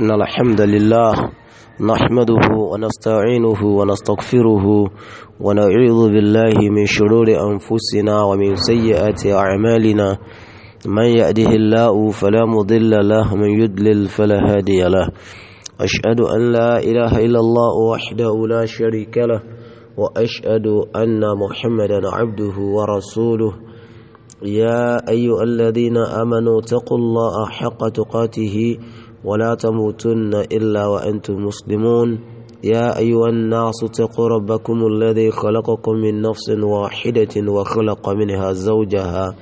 إن الحمد لله نحمده ونستعينه ونستغفره ونعوذ بالله من شرور أنفسنا ومن سيئات أعمالنا من يأده الله فلا مضل له من يدلل فلا هادي له أشهد أن لا إله إلا الله وحده لا شريك له وأشهد أن محمدا عبده ورسوله يا أيها الذين آمنوا اتقوا الله حق تقاته ولا تموتن إلا وأنتم مسلمون يا أيها الناس اتقوا ربكم الذي خلقكم من نفس واحدة وخلق منها زوجها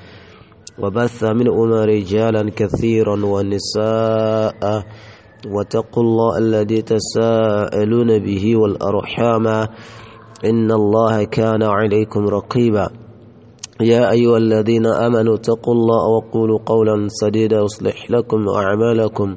وبث منهما رجالا كثيرا ونساء واتقوا الله الذي تساءلون به والأرحام إن الله كان عليكم رقيبا يا أيها الذين آمنوا اتقوا الله وقولوا قولا سديدا يصلح لكم أعمالكم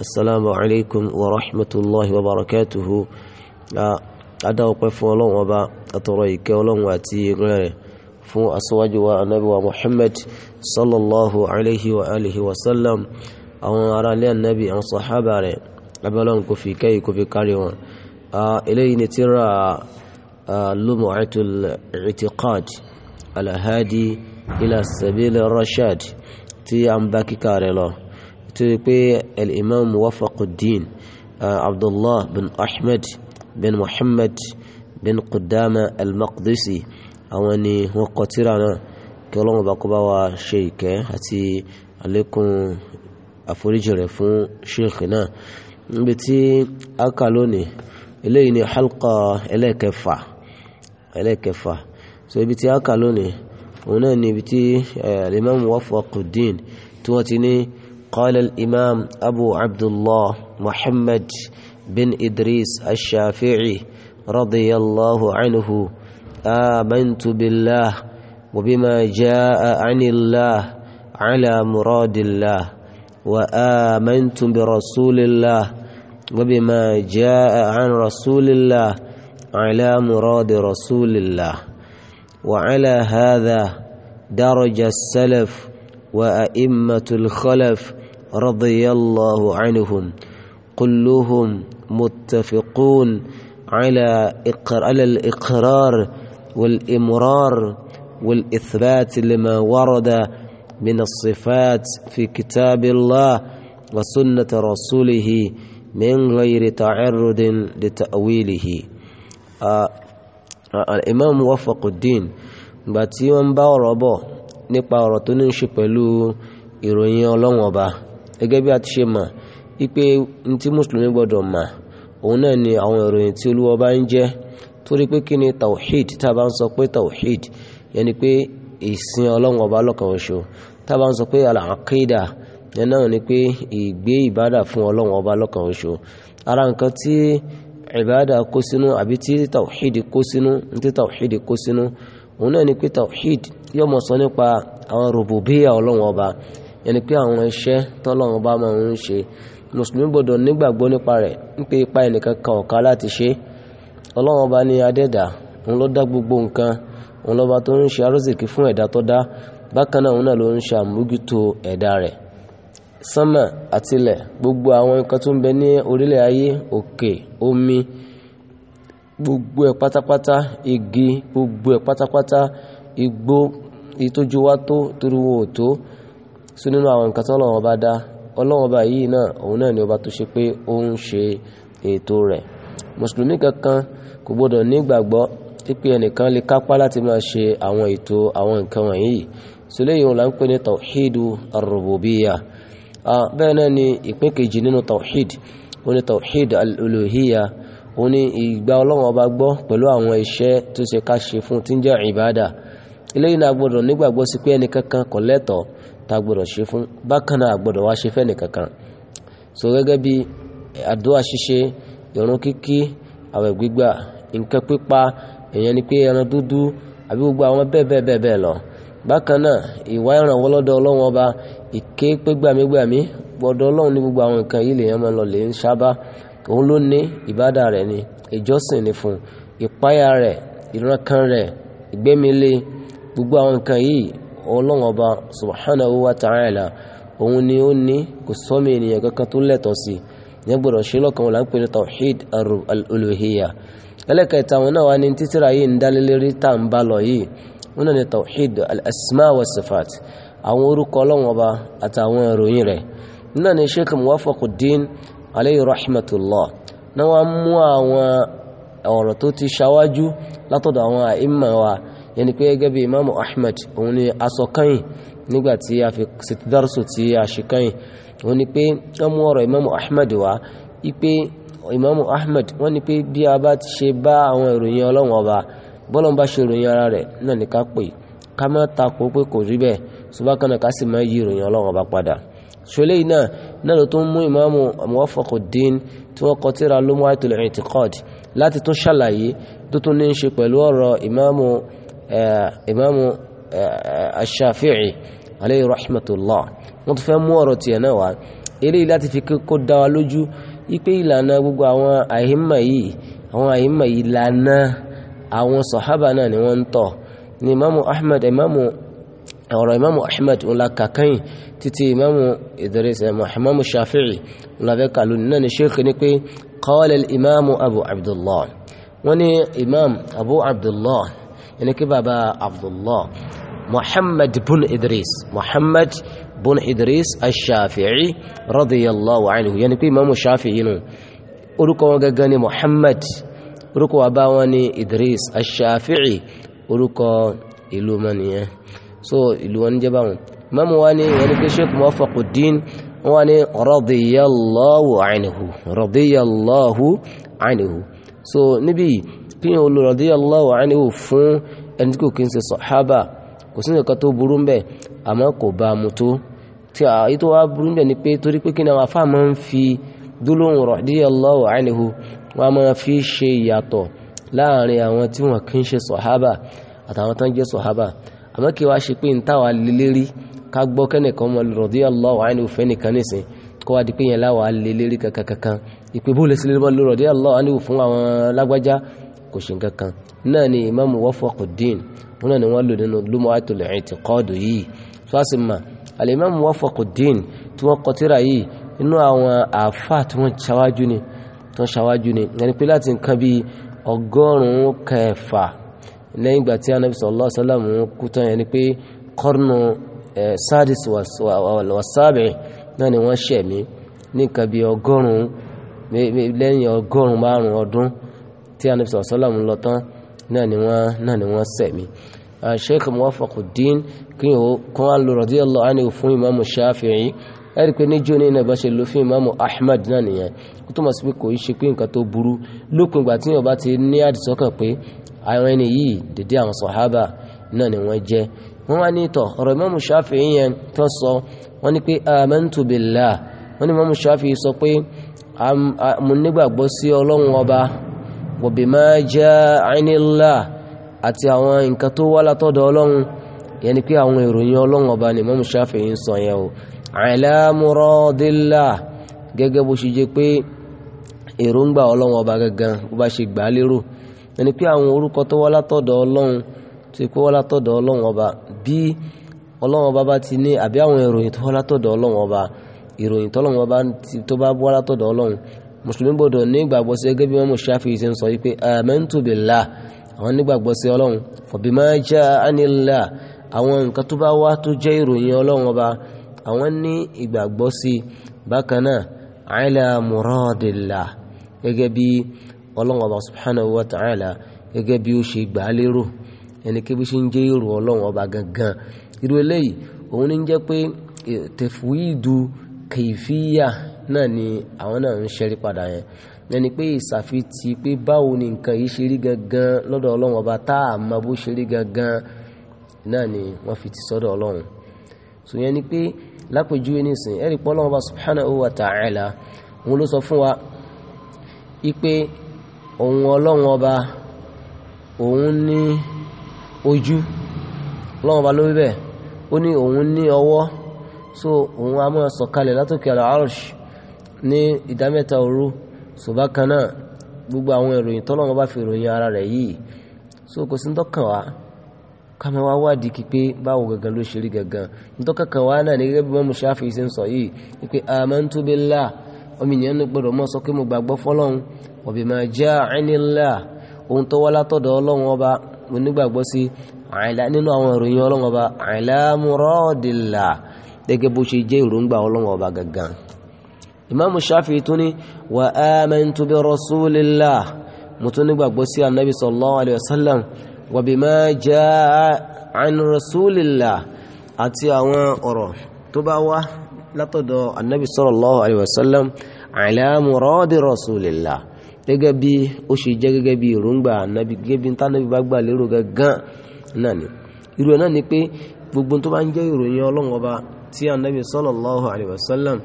asalaamu alaykum wa rahmatulahi wa barakatuhu adáwọ̀pẹ́ fún ọlọ́run ọba àtọ̀rọ̀ ìkẹ́ ọlọ́run àti ìrìn rẹ̀ fún aṣíwájú wa anabi wa muhammad sallallahu alayhi wa alihi wa sallam àwọn ará ilé anabi àwọn sàhábà rẹ̀ abẹ́lọ́run kò fi kẹ́yì kò fi kárí wọn. eléyìí ni tírà lumu'atul i'tiqad alahadi ila sabili rashad tí a ń bá kíkà rẹ̀ lọ tó yẹ pé al-imam muwafaquddin uh, abdullah bin ahmed bin muhammad bin qudama al-maqdisi àwọn ni wọ́n kọ tírà náà kí ọlọ́run bá kó bá wa ṣe ìkẹ́ àti àlékún àforíjì rẹ̀ fún sheikh náà níbi tí a kà lónìí eléyìí ni halqa ẹlẹ́ẹ̀kẹfà ẹlẹ́ẹ̀kẹfà so ibi tí a kà lónìí òun náà ni ibi tí uh, al-imam muwafaquddin tí wọ́n ti ní. قال الإمام أبو عبد الله محمد بن إدريس الشافعي رضي الله عنه آمنت بالله وبما جاء عن الله على مراد الله وآمنت برسول الله وبما جاء عن رسول الله على مراد رسول الله وعلى هذا درج السلف وأئمة الخلف رضي الله عنهم كلهم متفقون على على الإقرار والإمرار والإثبات لما ورد من الصفات في كتاب الله وسنة رسوله من غير تعرض لتأويله آه، آه، الإمام وفق الدين باتي باربو nípa ọ̀rọ̀ tó ní í ṣe pẹ̀lú ìròyìn ọlọ́wọ́n ọba gẹ́gẹ́ bí a ti ṣe mọ̀ wípé ní tí mùsùlùmí gbọ́dọ̀ mà òun náà ni àwọn ìròyìn tí olúwa bá ń jẹ́ torí pé kí ni tawhid tá a bá ń sọ pé tawhid yẹn ni pé ìsìn ọlọ́wọ́n ọba lọ́kan ṣoṣo tá a bá ń sọ pé al-aqida yẹn náà ni pé ìgbé ìbádà fún ọlọ́wọ́n ọba lọ́kan ṣoṣo ara nǹkan tí ìbádà kó sínú àbí tí tawhid kó sínú tí tawhid kó sínú òun náà ni pé tawhid yóò mọ̀ sọ nípa àwọn rògbòbíyà ọlọ́run ọba yẹni pé àwọn iṣẹ́ tọ́lọ́run ọba máa ń ṣe mùsùlùmí gbọ́dọ̀ nígbàgbọ́ nípa rẹ̀ nípa ipa ẹnìkan kan ọ̀ka láti ṣe ọlọ́run ọba ní adẹ́dà òun gbogbo nǹkan òun lọ́ba tó ń ṣe fún ẹ̀dá tó dá bákan náà òun náà ló ń ṣe àmójútó ẹ̀dá omi gbogbo ẹ̀ pátápátá igi gbogbo ẹ̀ pátápátá igbó ìtọ́jú wa tó torí wọn ò tó sí nínú àwọn nǹkan tí ọlọ́run ọba dá ọlọ́run ọba yìí náà òun náà ni ọba tó ṣe pé ó ń ṣe ètò rẹ̀ mùsùlùmí kankan kò gbọdọ̀ nígbàgbọ́ pípé ẹnìkan lè kápá láti máa ṣe àwọn ètò àwọn nǹkan wọ̀nyí sọlẹ́yìn òun là ń pè ní tawhidu arrububiya ah, bẹ́ẹ̀ náà ni ìpín kejì nínú tawhid ó ní tawhid al-uluhiya. al al ó ní ìgbà ọlọ́run ọba gbọ́ pẹ̀lú àwọn iṣẹ́ tó ṣe ká ṣe fún tí ń jẹ́ ìbáàdà eléyìí náà gbọ́dọ̀ nígbàgbọ́ sí pé ẹnìkankan kò lẹ́tọ̀ọ́ tá a gbọ́dọ̀ ṣe fún bákan náà gbọ́dọ̀ wá ṣe so gẹ́gẹ́ bí àdúrà ṣíṣe ìrun kíkí àwẹ̀ gbígbà nǹkan pípa èèyàn ni pé ẹran dúdú àbí gbogbo àwọn bẹ́ẹ̀ bẹ́ẹ̀ bẹ́ẹ̀ lọ bákan náà ìwà ìrànwọ́ lọ́dọ̀ ọlọ́run ọba ìké pé gbàmígbàmí gbọ́dọ̀ ọlọ́run ní gbogbo àwọn nǹkan yìí lèèyàn máa òun ló ní ìbádà rẹ̀ ni ìjọsìn ni fún ìpáyà rẹ̀ ìrankan rẹ̀ ìgbẹ́mílẹ̀ gbogbo àwọn nǹkan yìí ọlọ́run ọba subhanahu wa òun ni ó ní kò kankan tó lẹ́tọ̀ọ́ sí ìyẹn ṣe lọ́kàn wọn tawhid aru ẹlẹ́kẹ̀ẹ́ta àwọn náà wà ní títíra yìí ń tá tawhid wa aleyhi rahmatullah náà wọ́n mú àwọn ọ̀rọ̀ tó ti ṣáwájú látọ̀dọ̀ àwọn àìmọ̀ wa yẹn ni pé gẹ́gẹ́ bí imaamu ahmed òun ni aṣọ kẹ́yìn nígbà tí a fi ṣètìdárúsọ tí a ṣe kẹ́yìn òun ni pé wọ́n mú ọ̀rọ̀ imaamu ahmed wá ipe imaamu ahmed wọ́n ni pé bí a bá ti ṣe bá àwọn ìròyìn ọlọ́run ọba bọ́lọ́n bá ṣe ìròyìn ara rẹ̀ náà ní ká pè ká má takò pé kò rí bẹ́ẹ̀ ṣùgbọ́n kan náà ká sì má yí ìròyìn ọlọ́run ọba padà ṣọlẹ́yìn náà náà ló tún mú ìmáàmù Muwafaquddin tí wọ́n kọ tírà Lum'atul I'tiqad láti tún ṣàlàyé tó tún ní í ṣe pẹ̀lú ọ̀rọ̀ ìmáàmù ìmáàmù eh, eh, Ash-Shafi'i aleyhi rahmatullah wọ́n tún fẹ́ mú ọ̀rọ̀ tiẹ̀ náà wá eléyìí láti fi kó dá wa lójú ipe ìlànà gbogbo àwọn àhímà yìí àwọn àhímà yìí lànà àwọn sàhábà náà ni wọ́n ń tọ̀ ni ìmáàmù Ahmad ìmáàmù ọ̀rọ̀ imamu ahmed ńlá kàkẹ́yìn títí imamu idris imamu shafi'i ńlá fẹ́ kàlù náà ni sheikh ni pé qala imamu abu abdullah wọ́n ní imam abu abdullah ẹni kí baba abdullah muhammad bun idris muhammad bun idris ashafi'i radiyallahu anhu yẹni pé imamu shafi'i nù orúkọ wọn gangan ni muhammad orúkọ wa bá wọn ni idris ashafi'i orúkọ ìlú mọ́ so ìlú wọn jẹ́ báwọn mọ́mú wa ní ẹni pé sheikh muwafaquddin wọn ní radiyallahu anhu radiyallahu anhu so níbí kí n olú radiyallahu anhu fún ẹni tí kò kí n ṣe sọ̀hábà kò sí nǹkan tó burú ń bẹ àmọ́ kò bá a mu tó tí àyè tó wá burú ń bẹ ni pé torí pé kí ni àwọn afá máa ń fi dúlóhùn radiyallahu anhu wọn máa fi ṣe ìyàtọ̀ láàrin àwọn tí wọn kì í ṣe sọ̀hábà àtàwọn tó ń jẹ́ sọ̀hábà àmọ́ kí wàá ṣe pé ń táwa lélẹ́rí ká gbọ́ kẹ́nìkan mọ́ radiyallahu anhu òfẹ́ nìkan nísìn kó wá di pé yẹn láwa lélẹ́rí kankankan ìpè bó lè sí lélẹ́rí mọ́ radiyallahu anhu fún àwọn lágbájá kò ṣe nǹkan kan náà ni imam wafaquddin wọn náà ni wọ́n lò nínú lum'atul i'tiqad yìí tó a sì mà al-imam wafaquddin tí wọ́n kọtíra yìí inú àwọn àáfà tí wọ́n ṣáwájú ni tí wọ́n ṣáwájú ni ẹni pé láti nǹkan bíi ọgọ́rùn-ún kẹfà lẹ́yìn ìgbà tí anabi sallallahu alaihi wasallam kú tán yẹn ni pé kọ́rùnù sadis wasaabẹ náà ni wọ́n ṣẹ̀ mí ní nǹkan bíi ọgọ́rùn-ún lẹ́yìn ọgọ́rùn-ún márùn-ún ọdún tí anabi sallallahu alaihi lọ tán náà ni wọ́n náà ni wọ́n ṣẹ̀ mí. sheikh muwafaquddin kí n kọ́ á lọ radiyallahu anhu fún imaamu shafi'i ẹ̀rí pé níjó ní iná ìbáṣe ló fún ìmáàmù ahmed náà nìyẹn ó túmọ̀ sí pé kò í ṣe pé nǹkan tó burú lópin ìgbà tí èèyàn bá ti ní àdìsọ́kàn pé àwọn ẹni yìí dédé àwọn sọ̀hábà náà ni wọ́n jẹ́ wọ́n wá ní ìtọ̀ ọ̀rọ̀ Imamu Shafi'i yẹn tó sọ wọ́n ní pé amantu billah wọ́n ní Imamu Shafi'i sọ pé mo nígbàgbọ́ sí ọlọ́run ọba wa bima ja'ani Allah àti àwọn nǹkan tó wá látọ̀dọ̀ ọlọ́run yẹn ni pé àwọn ìròyìn ọlọ́run ọba ni Imamu Shafi'i ń sọ yẹn o ala gẹ́gẹ́ bó ṣe jẹ́ pé èròǹgbà ọlọ́run ọba gangan bó bá ṣe gbà á lérò ẹni pé àwọn orúkọ tó wá látọ̀dọ̀ ọlọ́run tó kó wá látọ̀dọ̀ ọlọ́run ọba bí ọlọ́run ọba bá ti ní àbí àwọn ìròyìn tó wá látọ̀dọ̀ ọlọ́run ọba ìròyìn tọ́lọ́run ọba tó bá wá látọ̀dọ̀ ọlọ́run mùsùlùmí gbọdọ̀ ní ìgbàgbọ́ sí gẹ́gẹ́ bí wọ́n mú Ṣáfi'í ṣe ń sọ wípé amantu billah àwọn nígbàgbọ́ sí ọlọ́run fa bima ja'anillah àwọn nǹkan tó bá wá tó jẹ́ ìròyìn ọlọ́run ọba àwọn ní ìgbàgbọ́ sí bákan náà ala muradillah gẹ́gẹ́ bí ọlọ́run ọba subhanahu wa ta'ala gẹ́gẹ́ bí ó ṣe gbà á lérò ẹni kí bí ṣe ń jẹ́ èrò ọlọ́run ọba gangan irú eléyìí òun ní jẹ́ pé e, tẹ̀fúìdù kẹfíyà náà ni àwọn náà ń ṣẹ́rí padà yẹn ẹni pé ìsàfitì pé báwo ni nǹkan yìí ṣe rí gangan lọ́dọ̀ ọlọ́run ọba tá a mọ bó ṣe rí gangan náà ni wọ́n fi ti sọ́dọ̀ ọlọ́run so ni pé lápèjúwe nísìn ẹ̀rí pé ọlọ́run ọba subhanahu wa ta'ala òun ló sọ fún wa ipe òun ọlọ́run ọba òun ní ojú ọlọ́run ọba ló bẹ́ẹ̀ ó ní òun ní ọwọ́ so òun a máa sọ̀kalẹ̀ látòkè àlàárọ̀ṣ ní ìdámẹ́ta òru ṣùgbọ́n kan náà gbogbo àwọn ìròyìn tọ́lọ́run ọba fi ìròyìn ara rẹ̀ yìí so kò sí ń tọ́kàn wá ọmọ ènìyàn ní gbọdọ̀ mọ́ sọ pé mo gbàgbọ́ fọlọ́run wa bima ja'anillah ohun tó wá látọ̀dọ̀ ọlọ́run ọba mo nígbàgbọ́ sí àìlá nínú àwọn ìròyìn ọlọ́run ọba àìlá múrọ́ọ̀dìlà gẹ́gẹ́ bó ṣe jẹ́ ìròǹgbà ọlọ́run ọba gangan. ìmáàmù Shafi'i tún ní wa amantu bi rasulillah mo tún nígbàgbọ́ sí anabi sallallahu alayhi wa sallam wa bima ja'a an rasulillah àti àwọn ọ̀rọ̀ tó bá wá látọ̀dọ̀ anabi sallallahu alayhi wa sallam ala muradi rasulillah gẹ́gẹ́ bí ó ṣe jẹ́ gẹ́gẹ́ bí èròǹgbà anabi gẹ́gẹ́ bí ntànàbí bá gbà lérò gángan náà ni irú ẹ̀ náà ni pé gbogbo tó bá ń jẹ́ ìròyìn ọlọ́run ọba tí anabi sallallahu alayhi wa sallam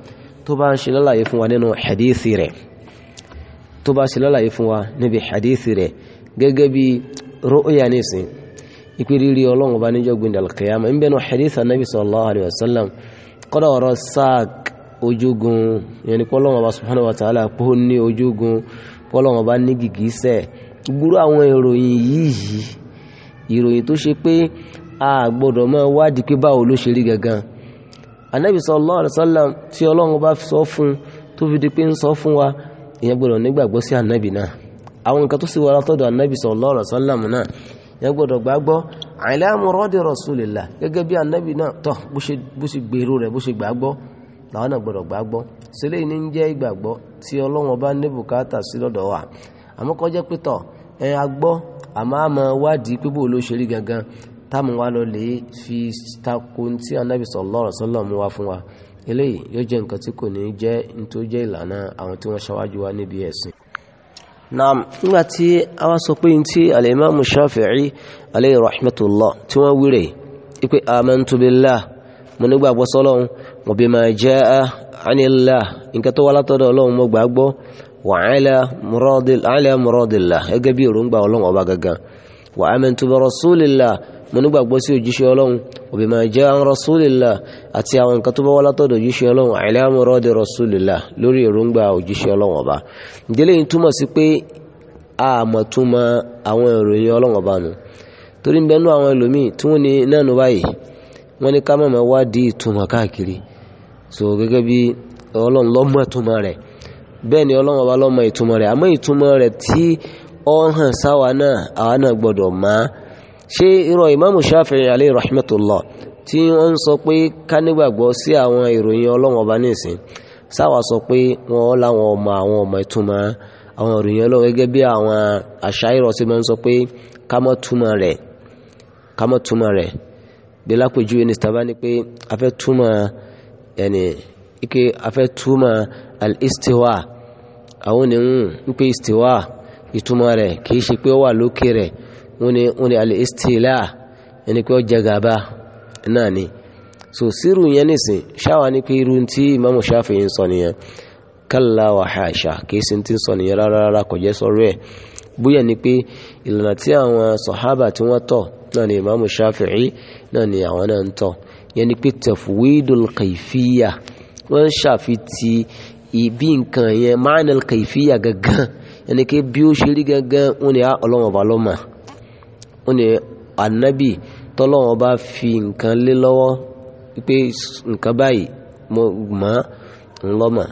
tó bá ń ṣe lálàyé fún wa nínú hadithi rẹ̀ tó bá ṣe lálàyé fún wa níbi hadithi rẹ̀ gẹ́gẹ́ bí ru'ya nísìn ìpè rírí ọlọ́run ọba níjọ́ gbìndàlùkẹ́yàmọ́ ń bẹ́ẹ̀ nù hadith anabi sallallahu alayhi wa sallam kọ́dọ̀ ọ̀rọ̀ sáàk ojúgun ìyẹn ni pọ́lọ́wọ́n ọba subhanahu wa ta'ala pọ́ ní ojúgun pọ́lọ́wọ́n ọba ní gìgísẹ̀ gbúrú àwọn ìròyìn yìí ìròyìn tó ṣe pé a gbọ́dọ̀ máa wádìí pé báwo ló ṣe rí gangan anabi sallallahu alaihi wasallam tí ọlọ́run bá sọ fún tó fi di pé ń sọ fún wa ìyẹn gbọ́dọ̀ nígbàgbọ́ sí anabi náà àwọn nǹkan tó sì wà anabi sallallahu alaihi wasallam náà ìyẹn gbọ́dọ̀ ala muradi rasulillah gẹ́gẹ́ bí anabi náà tọ́ bó ṣe gbèrò rẹ̀ bụ ṣe gbàgbọ́ làwọn náà gbọ́dọ̀ gbàgbọ́ sílẹ̀ ní ń jẹ́ ìgbàgbọ́ ti ọlọ́wọ́n bá ní bùkátà sí lọ́dọ̀ wa àmọ́ kọ́ gangan wa fi tako ti anabi wa wa níbi naam nígbà tí a wá sọ pé tí alimami shafi'i aleyhi rahmatullah tí wọ́n wíre ipe amantu billah mo nígbàgbọ́ sọ́lọ́run wa bima jaa anillah nǹkan tó wá látọ̀dọ̀ ọlọ́run mo gbàgbọ́ wa ala muradillah gẹ́gẹ́ bí òrùngbà ọlọ́run ọba gangan wa amantu bi rasulillah mo nígbàgbọ́ sí òjíṣẹ́ ọlọ́run òbí máa jẹ́ àwọn rọ́súlìlà àti àwọn nǹkan tó bá wá látọ̀dọ̀ òjíṣẹ́ ọlọ́run àìlẹ́àmú rọ́ọ̀dẹ rọ́súlìlà lórí èròǹgbà òjíṣẹ́ ọlọ́run ọba ìdílé yìí túmọ̀ sí pé àmọ̀túnmọ̀ àwọn ìròyìn ọlọ́run ọba nù torí ń bẹnu àwọn ẹlòmíì tí wọ́n ní nánú báyìí wọ́n ní ká má wá di ìtumọ̀ káàkiri so gẹ́gẹ́ bí ọlọ́run lọ́mọ ìtumọ̀ rẹ̀ bẹ́ẹ̀ ni ọlọ́run ọba lọ́mọ ìtumọ̀ rẹ̀ àmọ́ ìtumọ̀ ṣé irọ́ ìmáàmù Shafi'i alayhi rahmatullah tí wọ́n ń sọ pé ká nígbàgbọ́ sí àwọn ìròyìn ọlọ́wọ́n ọba nísìn sáwà sọ pé wọ́n láwọn ọmọ àwọn ọmọ ìtumọ̀ àwọn ìròyìn ọlọ́wọ́ gẹ́gẹ́ bí àwọn àṣà ìrọ̀ sí máa ń sọ pé ká mọ́ túmọ̀ rẹ̀ ká bí lápèjúwe ní sábà ní pé a túmọ̀ ẹni ike a túmọ̀ al àwọn ènìyàn ń pè istiwa ìtumọ̀ rẹ̀ kì í ṣe pé ó wà lókè rẹ̀ wọ́n ní wọ́n ní al-istila ẹni pé ó jẹ so sírù yẹn nìsín ṣáwa ni pé irú tí Imam Shafi'i ń sọ nìyẹn kalla wa haasha kì í sì ti ń sọ nìyẹn rárá rárá kò jẹ́ sọ́rọ́ ẹ̀ bóyá ni pé ìlànà tí àwọn sọ̀hábà tí wọ́n tọ̀ náà ni Imam Shafi'i náà ni àwọn náà ń tọ̀ yẹn ni tafwidul kayfiyya wọ́n ń ṣàfitì ìbí nǹkan yẹn ma'anal kayfiyya gangan yẹn ni pé bí ó gangan wọ́n ni á ah, ọlọ́mọba lọ́mọ ó ní anabi tọ́lọ́wọ́n bá fi nkan lé lọ́wọ́ pé nǹkan báyìí mo mọ̀ ńlọ́mọ̀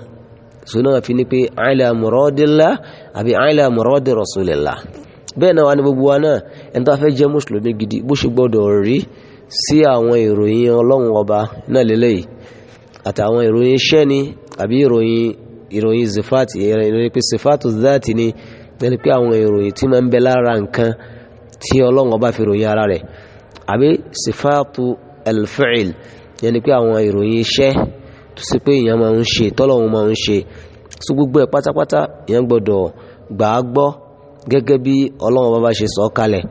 sọ́nà fi ni pé àìlà mọ̀rọ́dìlá àbí àìlà mọ̀rọ́dì bẹ́ẹ̀ náà wà gbogbo wa náà ẹni tó a fẹ́ jẹ́ gidi bó ṣe gbọ́dọ̀ rí sí àwọn ìròyìn ọba náà lélẹ́yìí àtàwọn ìròyìn iṣẹ́ ni àbí ìròyìn ìròyìn ìròyìn pé zati ni ẹni pé àwọn ìròyìn tí ọlọ́run ọba fi ròyìn ara rẹ̀ àbí sifaatu alfa'il yẹn ni pé àwọn ìròyìn iṣẹ́ tó ṣe pé èèyàn máa ń ṣe tọ́lọ́run máa ń ṣe so gbogbo ẹ̀ pátápátá èèyàn gbọ́dọ̀ gbà á gbọ́ gẹ́gẹ́ bí ọlọ́run ọba bá ṣe sọ kalẹ̀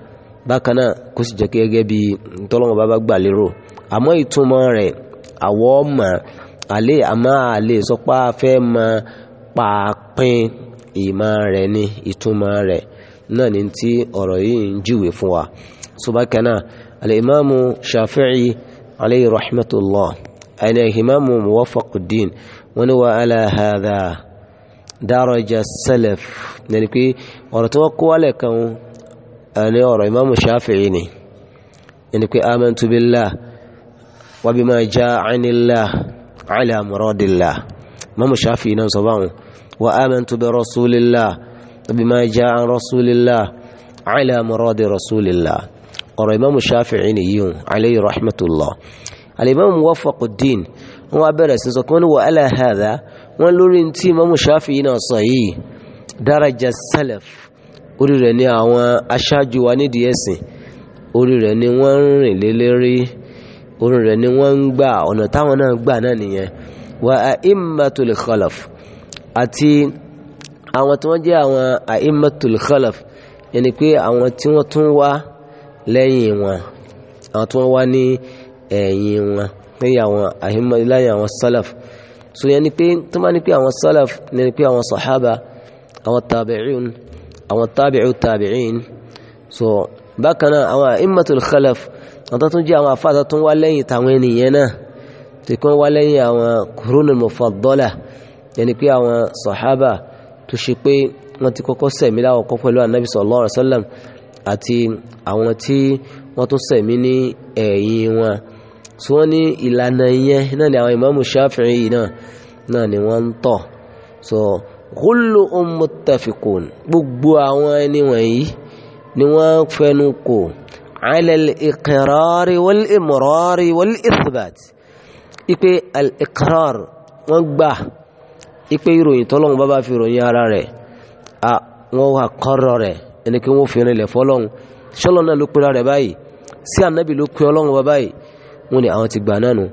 bákan náà kó sì jẹ́ kí gẹ́gẹ́ bí tọ́lọ́run ọba bá gbà lérò àmọ́ ìtumọ̀ rẹ̀ àwọ̀ mọ̀ àlè àmọ́ àlè sọpá fẹ́ mọ pàápín ìmọ̀ rẹ̀ ni ìtumọ̀ rẹ̀ náà ní tí ọ̀rọ̀ yìí ń júwe fún wa subakana alimami shafi'i alayhi rahmatullah alayhimamu muwafaquddin wọn ni wa ala hadha daraja salaf nani pé ọ̀rọ̀ tí wọ́n kó wálẹ̀ kan ní ọ̀rọ̀ imamu shafi'i ni nani pé amantu billah wa bima ja'anillah ala muradillah imamu shafi'i náà sọ wa amantu bi rasulillah bima jaa an rasulillah ala muradi rasulillah ọ̀rọ̀ imaamu shafi'i ni yíyun alayhi rahmatullah alimami wafaquddin wọn abẹ́rẹ́ sísọ kí wọ́n ní wà ala hadha wọn lórí tí imaamu shafi'i náà sọ yìí daraja salaf orí rẹ̀ ni àwọn aṣáájú wa nídìí ẹ̀sìn orí rẹ̀ ni wọ́n ń rìn lélẹ́rí orí rẹ̀ ni wọ́n ń gbà ọ̀nà táwọn náà gbà náà nìyẹn wa a'immatul khalaf àti àwọn tí wọ́n jẹ́ àwọn a'immatul khalaf yẹni pé àwọn tí wọ́n tún wá lẹ́yìn wọn àwọn tí wọ́n wá ní ẹ̀yìn wọn lẹ́yìn àwọn a'imma lẹ́yìn àwọn salaf so yẹni pé tó máa ní pé àwọn salaf yẹni pé àwọn sahaba àwọn tabi'un àwọn tabi'u tabi'in so bákan náà àwọn a'immatul khalaf àwọn tó jẹ́ àwọn afáàtà tó wá lẹ́yìn tàwọn ènìyàn náà tí wọ́n wá lẹ́yìn àwọn qurunul mufaddala yẹni pé àwọn sahaba tó ṣe pé wọ́n ti kọ́kọ́ sẹ̀mí láwọ̀kọ́ pẹ̀lú anabi sallallahu alaihi wasallam àti àwọn tí wọ́n tún sẹ̀mí ní ẹ̀yìn wọn tí wọ́n ní ìlànà yẹn náà ni àwọn ìmáàmù Shafi'i náà náà ni wọ́n ń tọ̀ so kullu muttafiqun gbogbo àwọn ẹni wọ̀nyí ni wọ́n fẹnu kò ala al-iqrar wal-imrar wal-ithbat ipe al gbà ipe ìròyìn tọ́lọ́hún bá bá fi ròyìn ara rẹ̀ a wọ́n wà kọ́rọ̀ rẹ̀ ẹni kí wọ́n fi rìn lẹ̀ fọ́lọ́hún ṣọ́lọ́ náà ló pera rẹ̀ báyìí sí ànábì ló pe ọlọ́hún wá báyìí wọ́n ní àwọn ti gbà náà nù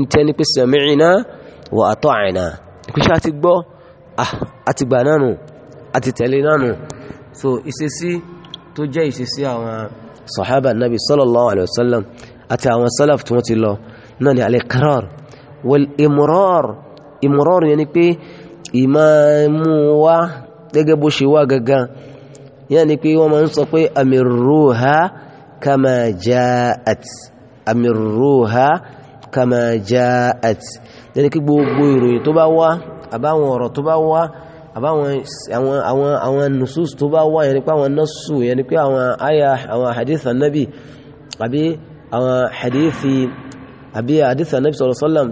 ń tẹ́ ni pé sami'na wa ata'na ìpèsè àti gbọ́ àti gbà náà nù àti tẹ̀lé náà nù so ìṣesí tó jẹ́ ìṣesí àwọn sahaba nabi sallallahu àti àwọn ìmáàmù wa gẹ́gẹ́ bó ṣe wá gangan yẹn ni pé wọ́n máa ń sọ pé amiruha kama jaat amiruha kama jaat yẹn ni pé gbogbo ìròyìn tó bá wá àbáwọn ọ̀rọ̀ tó bá wá àbáwọn àwọn àwọn àwọn nusus tó bá wá yẹn ni pé àwọn nasu yẹn ni pé àwọn aya àwọn hadith anabi àbí àwọn hadithi àbí hadith anabi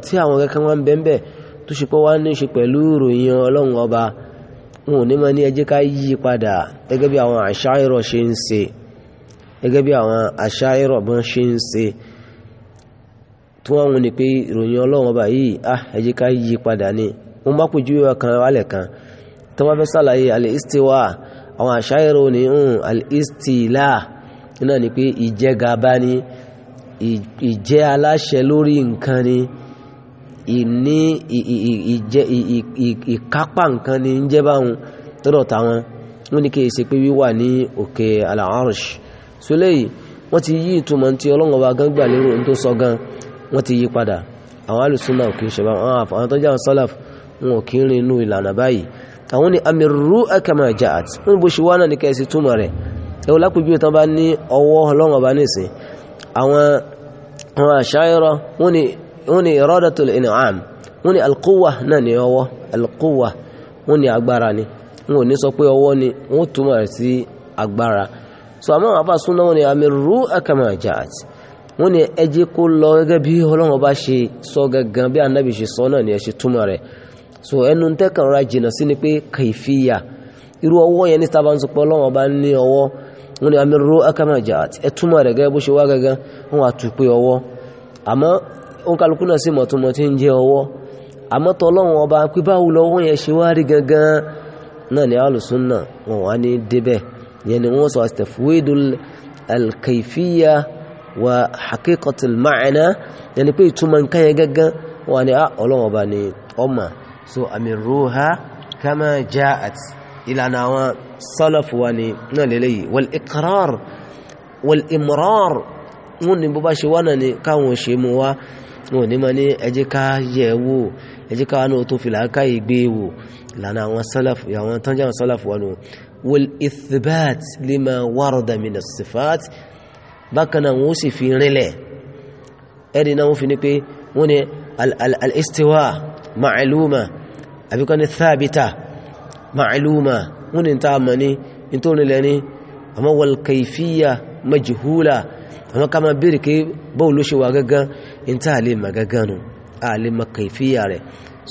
tí àwọn kankan wọn bẹ́ẹ̀ bẹ́ẹ̀ tó ṣe pé wá ní ṣe pẹ̀lú ìròyìn ọlọ́run ọba wọn ò ní máa ní ẹ jẹ́ ká yí padà gẹ́gẹ́ bí àwọn àṣàìrọ̀ ṣe ń ṣe gẹ́gẹ́ bí àwọn àṣàìrọ̀ bọ́n ṣe ń ṣe tí wọ́n wọn ni pé ìròyìn ọlọ́run ọba yìí ah ká yí padà ni wọ́n bá pè júwe kan wálẹ̀ kan tí wọ́n fẹ́ sàlàyé al-istiwa àwọn àṣàìrọ̀ ni al-istila náà ni pé ìjẹgàba ni ìjẹ́ aláṣẹ lórí nǹkan ni. ìní ìjẹ ìkápá nǹkan ni ń jẹ́ báwọn tọ́dọ̀ táwọn wọ́n ní ṣe pé wíwà ní òkè al-Arsh wọ́n ti yí ìtumọ̀ tí ọlọ́run wa gán gbà lérò tó sọ gan wọ́n ti yí padà àwọn alùsùnà òkè kì àwọn tó jẹ́ àwọn wọn ò rin inú ìlànà báyìí àwọn ni akama jaat wọn bó ṣe wá náà ní túmọ̀ rẹ̀ bá ní ọwọ́ ọlọ́run ọba àwọn wọ́n ní iradatul in'am wọ́n ní alquwa náà ní alquwa wọ́n agbara ni wọ́n ò ní ni so àmọ́ àwọn afáàsùn náà wọ́n amiru akama jaat wọ́n ní ẹ jẹ́ kó lọ gẹ́gẹ́ bí ọlọ́run ọba gangan bí anabi sọ ni so ẹnu tẹ́kàn rọra ni pe kàìfìyà irú akama jaat gangan òǹkàlùkù náà sì mọ̀túnmọ̀ tí ń jẹ ọwọ́ àmọ́ tọ́lọ́run ọba pé báwo lọ́wọ́ yẹn ṣe wá rí gangan náà ni alùsùnà wọn wá ní débẹ̀ yẹn ni wọ́n sọ astafwidul alkaifiya wa haqiqatul ma'ana yẹn ni pé ìtumọ̀ nǹkan yẹn gangan wọn ni ah, ọlọ́run ọba ni ọmọ so amiruha kama ja'at ìlànà àwọn sálàfù wa ni náà lélẹ́yìí wal iqrar wal imrar wọn ni bó bá ṣe wá náà ni káwọn ṣe mú wa wọn ò ní ma ní ẹ jẹ́ ká yẹ̀ wò ẹ jẹ́ ká wà náà tó fi làákà yìí gbé e wò lànà àwọn sálàfù àwọn tánjá àwọn sálàfù wà nù wal ithbat lima warada mina sifat bákan náà wọn ó sì fi rinlẹ̀ ẹ̀rí náà wọn fi ní pé wọn ni al-istiwa ma'luma ni thabita ma'luma wọn ni ta mọ̀ ní nítorí lẹ́ni àmọ́ wal kayfiya majhula àmọ́ ká máa bèèrè pé báwo ló ṣe wà gángan in tá a lè mọ̀ gángan nù a lè mọ̀ kẹfíyà rẹ̀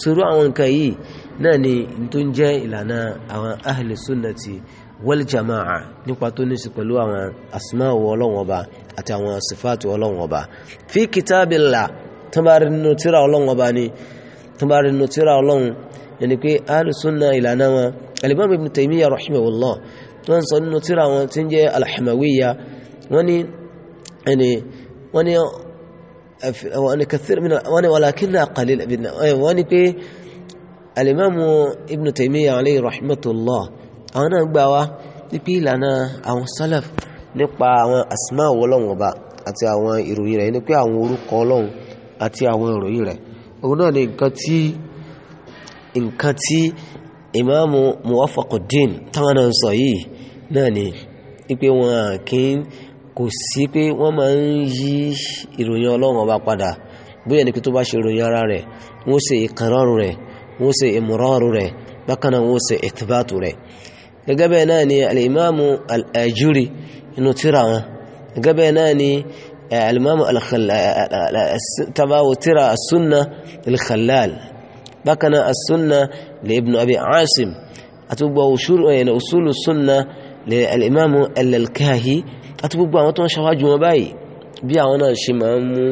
sọ̀rọ̀ àwọn nǹkan yìí náà ni tó ń jẹ́ ìlànà àwọn ahli sunnati wal jama'a nípa tó ní sí pẹ̀lú àwọn asmáwò ọlọ́wọ́n ọba àti àwọn sifaatu ọlọ́wọ́n ọba fi kitabillah tó bá rí nínú tíra ọlọ́wọ́n ọba ni tó nínú tíra ọlọ́wọ́n ẹni pé ahli sunna ìlànà wọn al-imam ibn taymiyyah rahimahullah tó ń sọ nínú tíra wọn tí ń jẹ́ al-hamawiyya wọ́n ní ẹni àwọn kẹsìrì mi wọn ni walakinna qalil wọn ni pé alimamu ibn taymiya alayhi rahmatullah àwọn náà gbà wá pípí ìlànà àwọn salaf nípa àwọn asma Ọlọ́hun ọba àti àwọn ìròyìn rẹ̀ ní pé àwọn orúkọ Ọlọ́hun àti àwọn ìròyìn rẹ̀ òun náà ni nǹkan tí nǹkan tí ìmáàmù muwafaquddin táwọn náà sọ yìí náà ni wípé wọn kì í kò sí pé wọ́n máa ń yí ìròyìn ọlọ́run ọba padà bóyá ní kí tó bá ṣe ìròyìn ara rẹ̀ wọ́n ṣe ìkànnọ́rù rẹ̀ wọ́n ṣe ìmúrọ́rù rẹ̀ bákan náà wọ́n ṣe ìtìbátù rẹ̀ gẹ́gẹ́ bẹ́ẹ̀ náà ni alimami al inú tíra wọn gẹ́gẹ́ bẹ́ẹ̀ náà ni eh, alimami eh, tabawo tíra asunna al bákan náà asunna li ibn abi asim àti gbogbo usulu eh, sunna li alimami al-alkahi àti gbogbo àwọn tó ń ṣáwájú wọn báyìí bí àwọn náà ṣe máa ń mú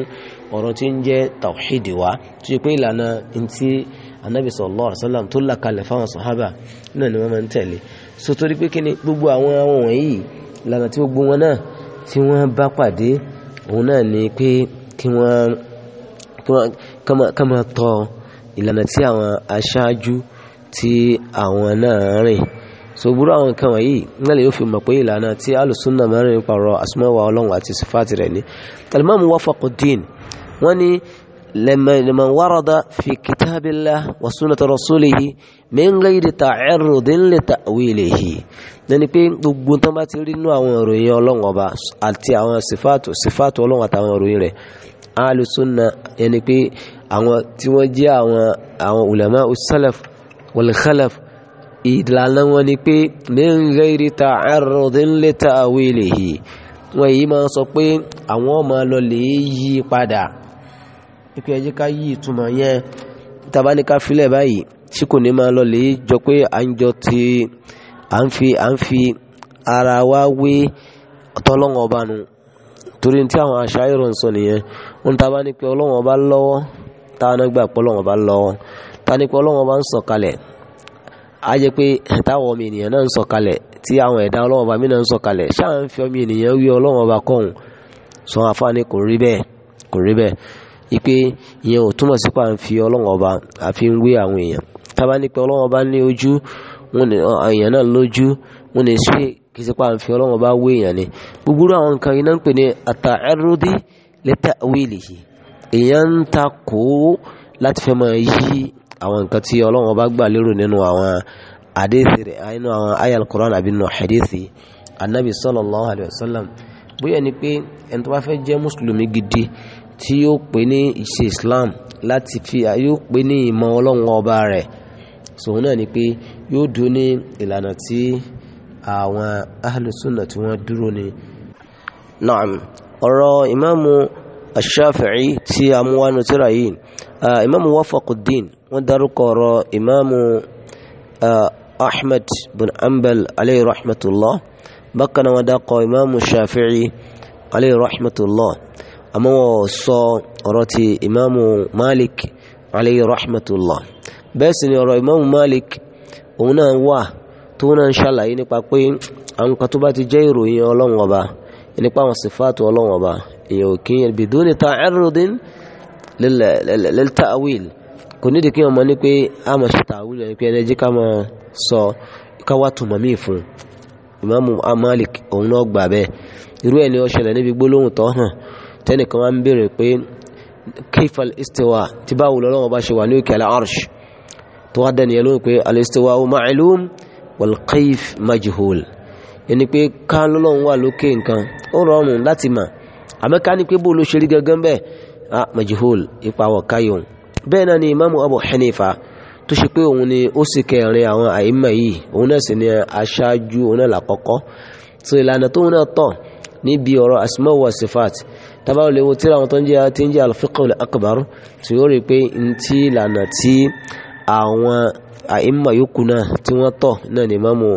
ọ̀rọ̀ tí ń jẹ́ tawhid wá tó ṣe pé ìlànà ntí anabi sallallahu alaihi wasallam tó là kalẹ̀ fáwọn sàhábà náà ni wọ́n máa ń tẹ̀lé so torí pé kíni gbogbo àwọn àwọn wọ̀nyí ìlànà tí gbogbo wọn náà tí wọ́n bá pàdé òun náà ni pé kí wọ́n kọ́mọ tọ ìlànà tí àwọn aṣáájú tí àwọn náà rìn soburu àwọn nǹkan wọ̀nyí nílẹ̀ yóò fi mọ̀ pé ìlànà tí alùsùnà mẹ́rin nípa ọ̀rọ̀ asúmọ́wà ọlọ́run àti sífàtì rẹ̀ ni alimami wafaquddin wọ́n ní liman warada fi kitabillah wa sunnati rasulihi min ghayri ta'arrudin li ta'wilihi lẹ́ni pé gbogbo tán bá ti rí inú àwọn ìròyìn ọlọ́run ọba àti àwọn sífàtù sífàtù ọlọ́run àtàwọn ìròyìn rẹ̀ ìlànà wọn ni pé min ghairi ta'arrudin li ta'wilihi wọn èyí máa sọ pé àwọn máa lọ lè yí padà ikú ẹjẹ ká yí ìtumọ̀ yẹn tabaníká filẹ̀ báyìí tí kò ní máa lọ lè jọ pé à ń jọ ti à ń fi à ń fi ara wa wé tọ́lọ́wọ́n ọba nu torí tí àwọn àṣà ìrọ̀ ń sọ nìyẹn ń taba ní pé ọlọ́wọ́n ọba lọ́wọ́ táwọn náà gbà pé ọba lọ́wọ́ ta pé ọlọ́wọ́n ọba ń sọ̀kalẹ̀ a jẹ́ pé táwọn ọmọ ènìyàn náà ń sọ̀kalẹ̀ tí àwọn ẹ̀dá ọlọ́run ọba mi náà ń sọ̀kalẹ̀ ṣáà ń fi ọmọ ènìyàn wí ọlọ́run ọba kọ́hún sọ àfáàní kò rí bẹ́ẹ̀ kò rí bẹ́ẹ̀ ipe ìyẹn ò túmọ̀ sí pé à ń fi ọlọ́run ọba àfi ń wé àwọn èèyàn tábà ní pé ọlọ́run ọba ní ojú èèyàn náà lójú wọn ní sí kì à ń fi ọlọ́run ọba èèyàn ni gbogbo àwọn nǹkan iná ń pè ní àtàrúdí lẹ́tà wíìlì àwọn nǹkan tí ọlọ́run ọba gbà lérò nínú àwọn àdéhìsì rẹ̀ nínú àwọn ayal Qur'an àbí nínú àdéhìsì anabi sallallahu alayhi wa sallam bóyá ni pé ẹni tó bá fẹ́ jẹ́ mùsùlùmí gidi tí yóò pè ní ìṣe Islam láti fi yóò pè ní ìmọ̀ ọlọ́run ọba rẹ̀ sòun náà ni pé yóò dúró ní ìlànà tí àwọn ahlu tí wọ́n dúró ni. naam ọ̀rọ̀ ìmáàmù aṣáfìí tí a mú wá nùtírà yìí ìmáàmù wafaquddin wọ́n dárúkọ ọ̀rọ̀ ìmáàmù ahmed bin ambal aleyhi rahmatullah bákan náà wọ́n dákọ̀ ìmáàmù ṣáfìí aleyhi rahmatullah àmọ́ wọ́n sọ ọ̀rọ̀ ti ìmáàmù malik aleyhi rahmatullah bẹ́ẹ̀ sì ni ọ̀rọ̀ ìmáàmù malik òun náà wà tó náà ń ṣàlàyé nípa pé àwọn kan tó bá ti jẹ́ ìròyìn ọlọ́run ọba ẹni pé àwọn sifaatu ọlọ́run ọba èèyàn ò kíyàn biduni ta'arrudin lil ta'wil kò nídìí kí ọmọ ní pé a máa ṣe ta'wil ẹni pé ẹni jí ká máa sọ ká wá tùmọ̀ míì fún ìmáàmù Malik òun náà gbà bẹ́ẹ̀ irú ẹni ó ṣẹlẹ̀ níbi gbólóhùn tó hàn tẹ́nìkan wá ń béèrè pé kayfa al-istiwa tí báwo lọ́lọ́run ọba ṣe wà ní òkè al-arsh tó wá dẹ́niyẹ lóhùn pé al-istiwa ma'lum wal-kayf majhul ẹni pé ká lọ́lọ́run wà lókè nǹkan ó rọrùn láti mà àmọ́ ká ní pé bó ló ṣe rí gangan bẹ́ẹ̀ ah majhul ipa wọ̀ káyọ̀ bẹ́ẹ̀ náà ni imamu abu hanifa tó ṣe pé òun ni ó sì kẹrin àwọn àìmọ̀ yìí òun náà sì ni aṣáájú òun náà làkọ́kọ́ so ìlànà tóun náà tọ̀ níbi ọ̀rọ̀ asma wa sifat tabawo lewo tí àwọn tó ń jẹ́ ti ń jẹ́ al-fiqhul akbar tí ó rí pé n ti ìlànà tí àwọn àìmọ̀ yòókù náà tí wọ́n tọ̀ náà ni imamu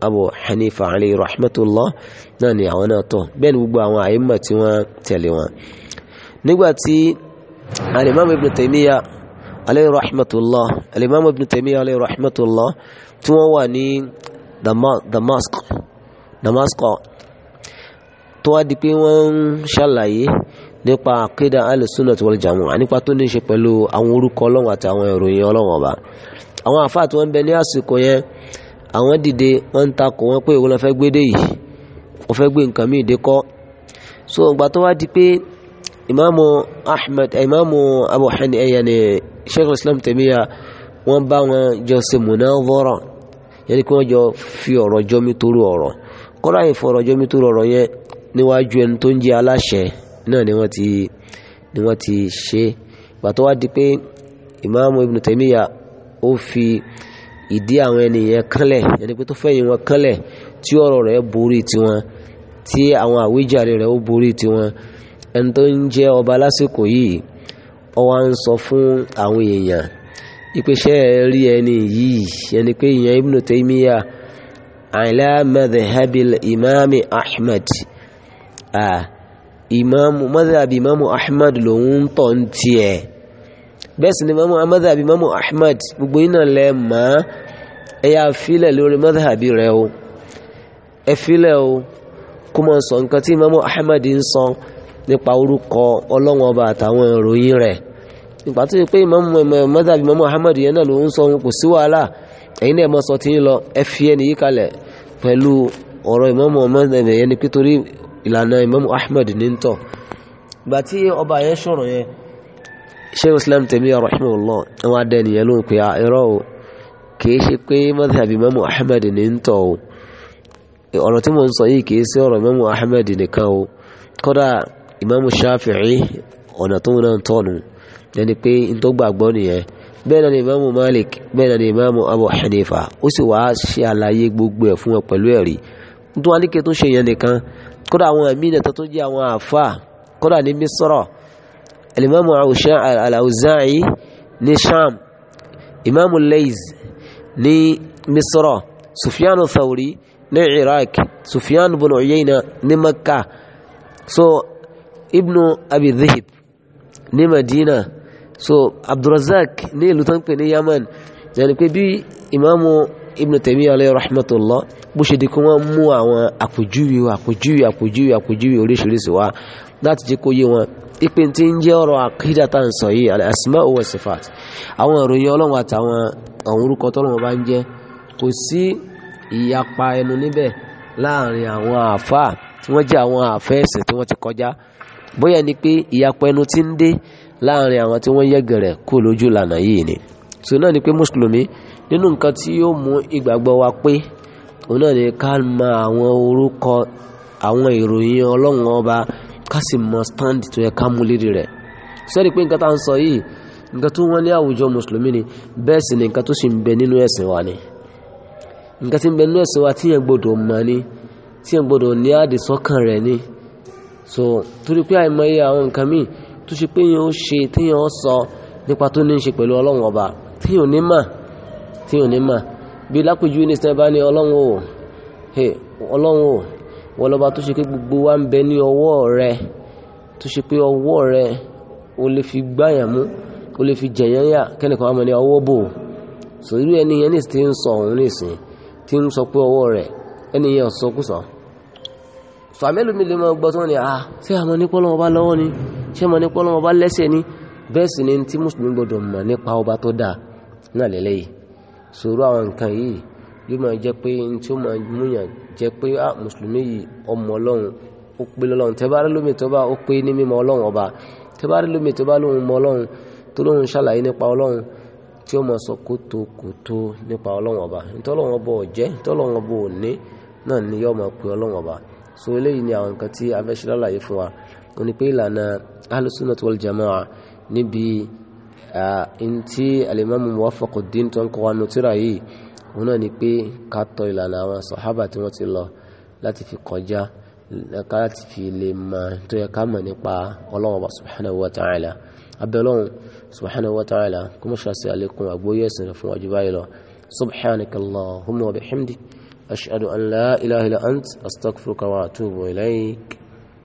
abu hanifa alayhi rahmatullah náà ni àwọn náà tọ̀ bẹ́ẹ̀ ni gbogbo àwọn àyímọ̀ tí wọ́n tẹ̀lé wọn. nígbà tí alimami ibn taymiya alayhi rahmatullah alimami ibn taymiya alayhi rahmatullah tí wọ́n wà ní damask damask tó wá di pé wọ́n ń ṣàlàyé nípa àkídà alùsùnàtì wal jamaa nípa tó ní í ṣe pẹ̀lú àwọn orúkọ ọlọ́run àti àwọn ìròyìn ọlọ́run ọba àwọn àfáà tí wọ́n bẹ ní àsìkò yẹn àwọn dìde wọ́n ń takò wọ́n pé òun lọ fẹ́ gbé dé yìí wọ́n fẹ́ gbé nǹkan míì dé kọ́ so ìgbà tó wá di pé ìmáàmù Ahmed ìmáàmù Abu Hanifa eh, yani Sheikh Islam Taymiya wọ́n bá wọn jọ ṣe munazara yẹni kí wọ́n jọ fi ọ̀rọ̀ jọmi torí ọ̀rọ̀ kọ́lá yìí fọ̀rọ̀ jọmi torí ọ̀rọ̀ yẹn níwájú ẹni tó ń jẹ́ aláṣẹ náà ni wọ́n ti ni wọ́n ti ṣe ìgbà tó wá di pé ìmáàmù Ibn Taymiya ó fi ìdí àwọn ènìyàn kánlẹ̀ ẹni pé tó fẹ̀yìn wọn kánlẹ̀ tí ọ̀rọ̀ rẹ̀ borí tiwọn tí àwọn àwíjàre rẹ̀ ó borí tiwọn ẹni tó ń jẹ́ ọba lásìkò yìí ó wá ń sọ fún àwọn èèyàn ìpèsè rí ẹni yìí ẹni pé ìyẹn Ibn Taymiyyah ala madhhabil imami Ahmad ìmáàmù madhhab ìmáàmù Ahmad lòun tọ̀ ń tiẹ̀. bẹ́ẹ̀ sì ni mamu amadhabi mamu ahmad gbogbo iná lẹ mọ́ ẹ yà filẹ̀ lórí madhabi rẹ o ẹ filẹ̀ o kó máa sọ nǹkan tí mamu ahmad ń sọ nípa orúkọ ọlọ́wọ́n ọba àtàwọn ìròyìn rẹ̀ nípa tó yẹ pé madhabi yẹn náà ló ń sọ kò sí lọ ẹ fi ẹni yí kalẹ̀ pẹ̀lú ọ̀rọ̀ yẹn ni ahmad ní ń tọ̀ gbàtí ọba yẹn sọ̀rọ̀ sheikh islam taymiyyah rahimahullah àwọn adẹniyẹ ló ń pè á ah, irọ́ o kìí ṣe pé madhhab imamu ahmed ní ń tọ̀ o ọ̀rọ̀ tí mo ń sọ yìí kìí ṣe ọ̀rọ̀ imamu ahmed nìkan o kódà imamu shafi'i ọ̀nà tó ń náà tọ̀nù ẹni pé n tó gbàgbọ́ nìyẹn bẹ́ẹ̀ náà ni imamu malik bẹ́ẹ̀ náà ni imamu abu hanifa ó sì wàá gbogbo ẹ̀ fún ẹ pẹ̀lú ẹ̀rí tó wà ní kí tó ṣe yẹn nìkan kódà àwọn àmì ìnà tó tó alimami alauza'i ní sham imaamu layz ní misra sufyanu thawri ní iraq sufyanu bin uyayna ní makka so ibnu abi dhihib ní madina so abdurazak ní ìlú tó ń pè ní yaman yàni pé bí imaamu ibnu taymiya alayhi rahmatullah bó ṣe di kí wọ́n mú àwọn àpòjúwe àpòjúwe àpòjúwe àpòjúwe oríṣiríṣi wá láti jẹ́ kó yé wọn ipe tí ń jẹ́ ọ̀rọ̀ àkídà tá à ń sọ yìí al-asma' wa sifat àwọn ìròyìn ọlọ́run àtàwọn àwọn orúkọ tọ́lọ́run bá ń jẹ́ kò sí ìyapa ẹnu níbẹ̀ láàrin àwọn àáfàá tí wọ́n jẹ́ àwọn àfẹ́ẹ̀sìn tí wọ́n ti kọjá bóyá ni pé ìyapa ẹnu ti ń dé láàrin àwọn tí wọ́n yẹ̀gẹ̀rẹ̀ kó lójú lànà yìí ni so náà ni pé mùsùlùmí nínú nǹkan tí yóò mú ìgbàgbọ́ wa pé òun náà ni ká mọ àwọn orúkọ àwọn ìròyìn ọlọ́run ọba ká sì mọ stand tó yẹ ká mú lérí rẹ̀ sẹ́ni pé nǹkan tá à ń sọ yìí nǹkan tó wọ́n ní àwùjọ mùsùlùmí ni bẹ́ẹ̀ sì ni nǹkan tó sì ń bẹ nínú ẹ̀sìn wa ni nǹkan tí ń bẹ nínú ẹ̀sìn wa tíyẹn gbọ́dọ̀ mọ̀ ni tíyẹn gbọ́dọ̀ ní àdìsọ́kàn rẹ̀ ni so torí pé àìmọye àwọn nǹkan míì tó ṣe pé yẹn ó ṣe tíyẹn ó sọ nípa tó ní í ṣe pẹ̀lú ọlọ́run ọba tíyẹn ò ní mà tíyẹn ò ní mà bí lápèjúwe ní sinimá bá ọlọ́run o ọlọ́run o wọ́n lọ́ba tó ṣe pé gbogbo wa ń bẹ ní ọwọ́ rẹ tó ṣe pé ọwọ́ rẹ o lè fi gbáyàn mú o lè fi jẹ̀yàn yà kẹ́nìkan wà mọ̀ ní ọwọ́ bò sọ irú ẹni yẹn nìsí ti ń sọ òun nìsín ti ń sọ pé ọwọ́ rẹ ẹni yẹn ò sọkúsọ sọ àmẹ́lò mi lè mọ gbọ́ tó ah, ní à ṣé àmọ́ ní pọ́lọ́mọ bá lọ́wọ́ ni ṣé àmọ́ ní pọ́lọ́mọ bá lẹ́sẹ̀ ni bẹ́ẹ̀ sì ni tí mùsùlùmí gbọ́dọ̀ mọ̀ nípa ọba tó dáa náà lélẹ́yìí sòrò àwọn nǹkan yìí yóò máa jẹ́ pé n tí ó máa múyàn jẹ́ pé ah mùsùlùmí yìí ọmọ ọlọ́run ó pé lọ́lọ́run tẹ́ bá rí lómi tó bá ó pé ní mímọ̀ ọlọ́run ọba tẹ́ bá rí lómi tó bá lóun mọ̀ ọlọ́run tó lóun ṣàlàyé nípa ọlọ́run tí ó máa sọ kótókótó nípa ọlọ́run ọba ntọ́lọ́run ọba ọ̀jẹ́ ntọ́lọ́run ọba òní náà ni yóò máa pe ọlọ́run ọba so eléyìí ni àwọn nǹkan tí abẹ́ṣẹ́ lálàyé fún wa ó ní pé ìlànà ahlus-sunnah wal jamaa níbi ntí alimami Muwafaquddin tó ń kọ́ wa nù yìí òun náà ni pé ká tọ ìlànà àwọn sọ̀hábà tí wọ́n ti lọ láti fi kọjá láti fi lè mọ tó yẹ ká mọ̀ nípa ọlọ́wọ́ba subhanahu wa ta'ala abẹ́lọ́hun subhanahu wa ta'ala kó mọ̀ ṣàṣì àlékún àgbóyè ẹ̀sìn fún ọjọ́ báyìí lọ subhanaka allahumma wa bihamdik ashhadu an la ilaha illa ant astaghfiruka wa atubu